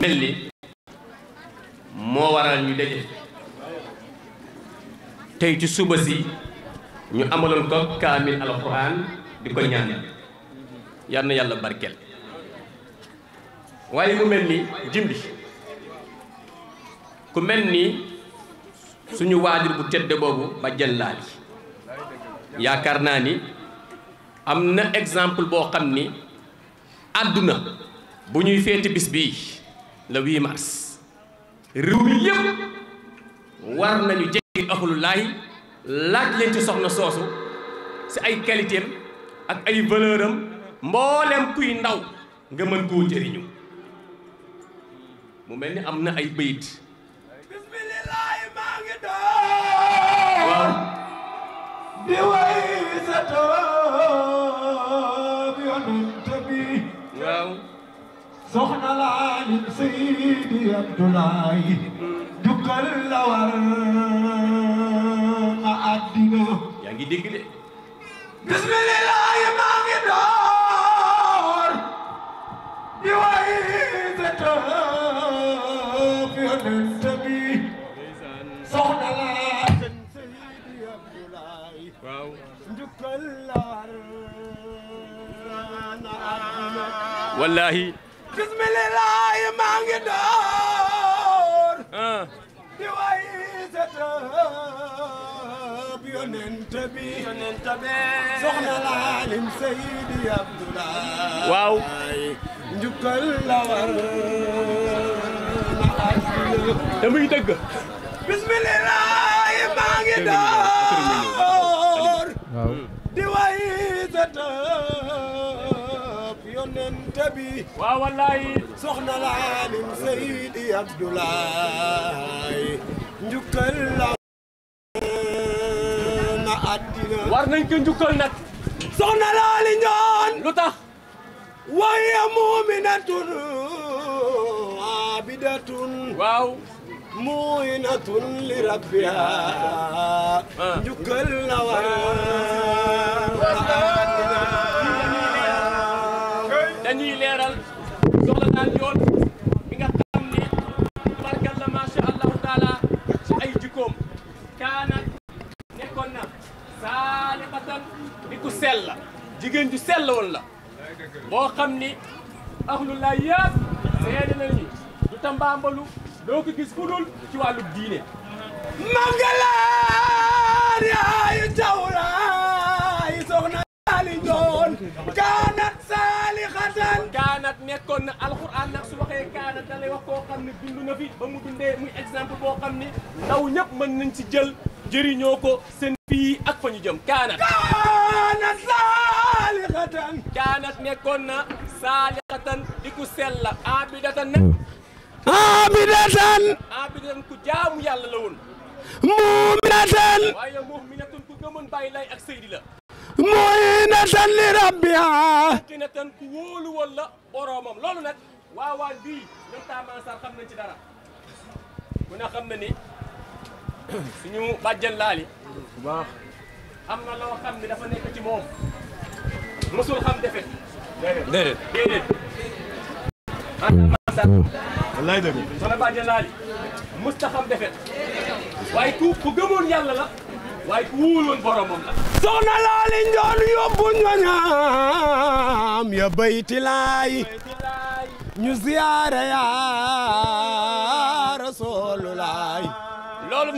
mel ni moo waral ñu daje tey ci suba si ñu amaloon ko kaamil alxuraan di ko ñaanal yàlla barkeel waaye mu mel ni jimbi ku mel ni suñu waajur bu tedd boobu ba jën laali yaakaar naa ni am na exemple boo xam ni àdduna bu ñuy féeti bis bii le 8 mars réew mi war nañu jege axlulaayi laaj leen ci soxna soosu ci ay qualité ak ay valeur am mboolem kuy ndaw nga mën koo jëriñu mu mel ni am na ay bayit bismillaahi maa ngi doon di way sa toog yonent bi waaw soxna laa ni Seydi Abdoulaye jukkal la war ma àddina yaa ngi dégg de bismillah maa ngi soxna laa Seydi Abdoulaye jukkal la bismillah maa ngi di way sa tëb yonent bi yonent bi soxna laalim Seydi Abdoulaye waaw di way bi waaw wallaay soxna laalim Seydi Abdoulaye njukkal la na àddina war nañ ko njukkal nag soxna laali ñoon lu tax waaye muuminatun aabidatun waaw muinatun li rabbiha ah. njukkal la war dañuy leeral soxla daal yoon nga xam ne barkal la macha allahu taala ci ay jikkoom kaana nekkoon na saalixatan di ku sell la jigéen ju sell la boo xam ni ahlullah yëpp seede na ni tambaambalu doo ko gis ku dul exemple boo xam mën nañ ci jël jëriñoo ko seen fii ak fa jëm kaanat saalixatan kaanat nekkoon na saalixatan di ku sell la abidatan hmm. ku jaamu yàlla la woon ku gëmoon bàyyi lay ak sëydi la muminatan li rabbiha muminatan nañ ci dara ku ne xam na ni suñu waaye ku ku gëmoon yàlla la waaye ku wóoloon boromam la soxna laali ñu ziyaare yaa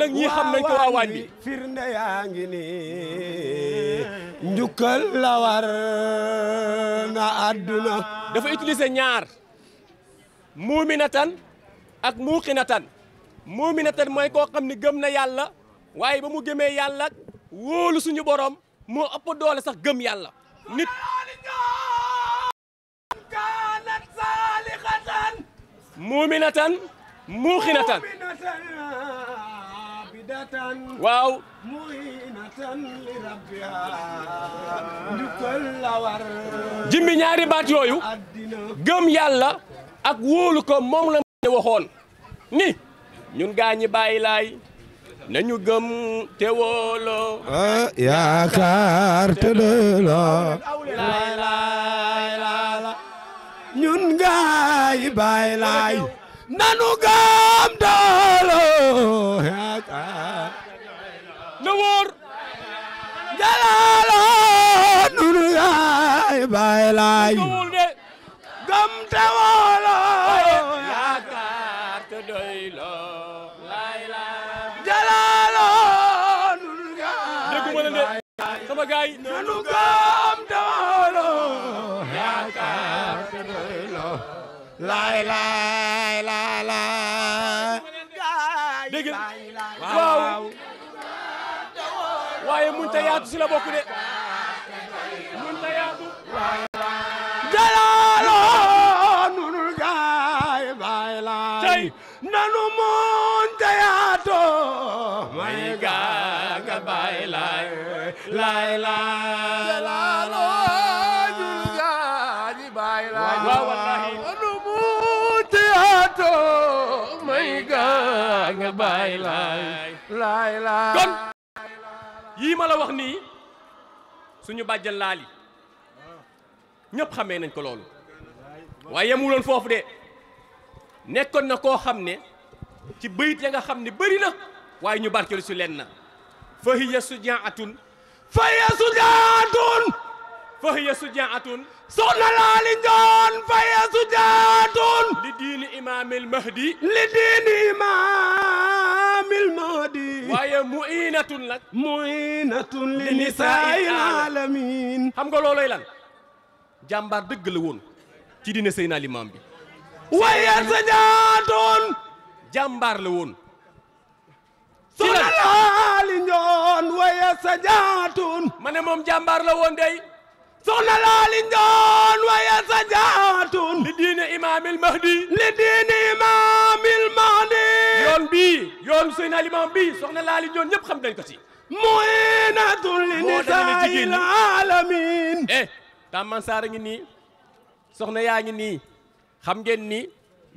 nag xam nañ ko a waañ bi firnde yaa ngi ni njukkal la war na àdduna dafa utiliser ñaar muuminatan ak muuqinatan muuminatan mooy koo xam ne gëm na yàlla waaye ba mu gëmee yàlla wóolu suñu borom moo ëpp doole sax gëm yàlla nit muuminatan muuqinatan waaw jimbi ñaari baat yooyu gëm yàlla ak wóolu ko moom la ne waxoon ni ñun gaa ñi bàyyi laay nañu gëm te wóolo yaakaar te doyloo ñun gaa yi nanu gëm dooloo lay lay gëm te woolo yaakaar te doylo lay lay jalaalo nun gaay sama gaay nanu gëm te woolo yaakaar te doylo lay lay lay lay dégg waaw waaye mun ta yaatu si la bokk de kon la wax nii suñu bàjjal laali ñëpp xamee nañ ko loolu waaye yemuloon foofu de nekkoon na koo xam ne ci bëyit ya nga xam ne bëri na waaye ñu barkelu si leen na fahiya sujaatun fa hiya sujaatun fa hiya sujaatun li diini imaamil mahdi li diini imaamil mahdi waaye muinatun nag muinatun li nisaa'il aalamiin xam nga lan jàmbaar dëgg la woon ci diine Seydina Limaam bi waaye sujaatun jàmbaar la woon ali ma moom jàmbaar la woon dey soxna laali njoon waya sajaatun li diine imaamil mahdi li diine imaamil mahdi yoon bii yoon seen alimaam bii soxna laali njoon xam dañ ko ci mu'inatun li nisaa'il alamin eh tam man saara ngi nii soxna yaa ngi nii xam ngeen ni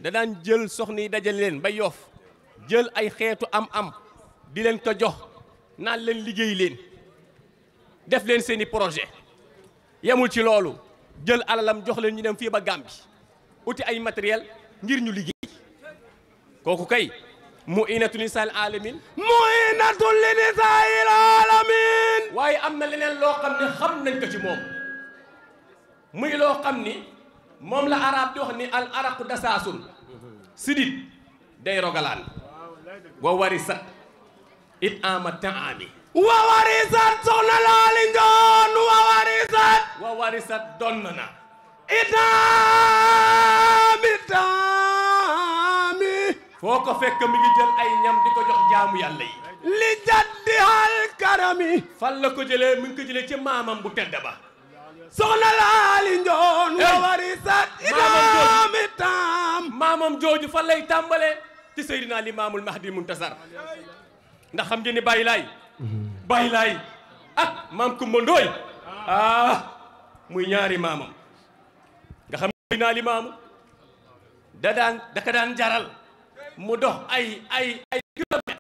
da daan jël soxna yi dajale leen ba yoof jël ay xeetu am am di leen ko jox naan leen liggéey leen def leen seeni projet yemul ci loolu jël alalam jox leen ñu dem fii ba Gàmbi uti ay matériel ngir ñu liggéey kooku kay mu inatu ni sal alamin mu inatu li ni sal alamin waaye am na leneen loo xam ne xam nañ ko ci moom muy loo xam ni moom la arab di wax ni al araqu dasaasun sidit day rogalaan wa warisa it ama taami wa warisat soxna laali njoon na itaami taami foo ko fekk mi ngi jël ay ñam di ko jox jaamu yàlla yi li jaddi hal karami fan la ko jële mi ngi ko jëlee ci maamam bu tedd ba soxna laali njoon wa warisat itaami taam maamam jooju fan lay tàmbalee ci Seydina Limaamul Mahdi Muntasar ndax xam ngeen ni bàyyi laay bàyyi laay ah maam Kumba Ndooy ah muy ñaari maamam nga xam ne naa maamu da daan daka daan jaral mu dox ay ay ay kilomètre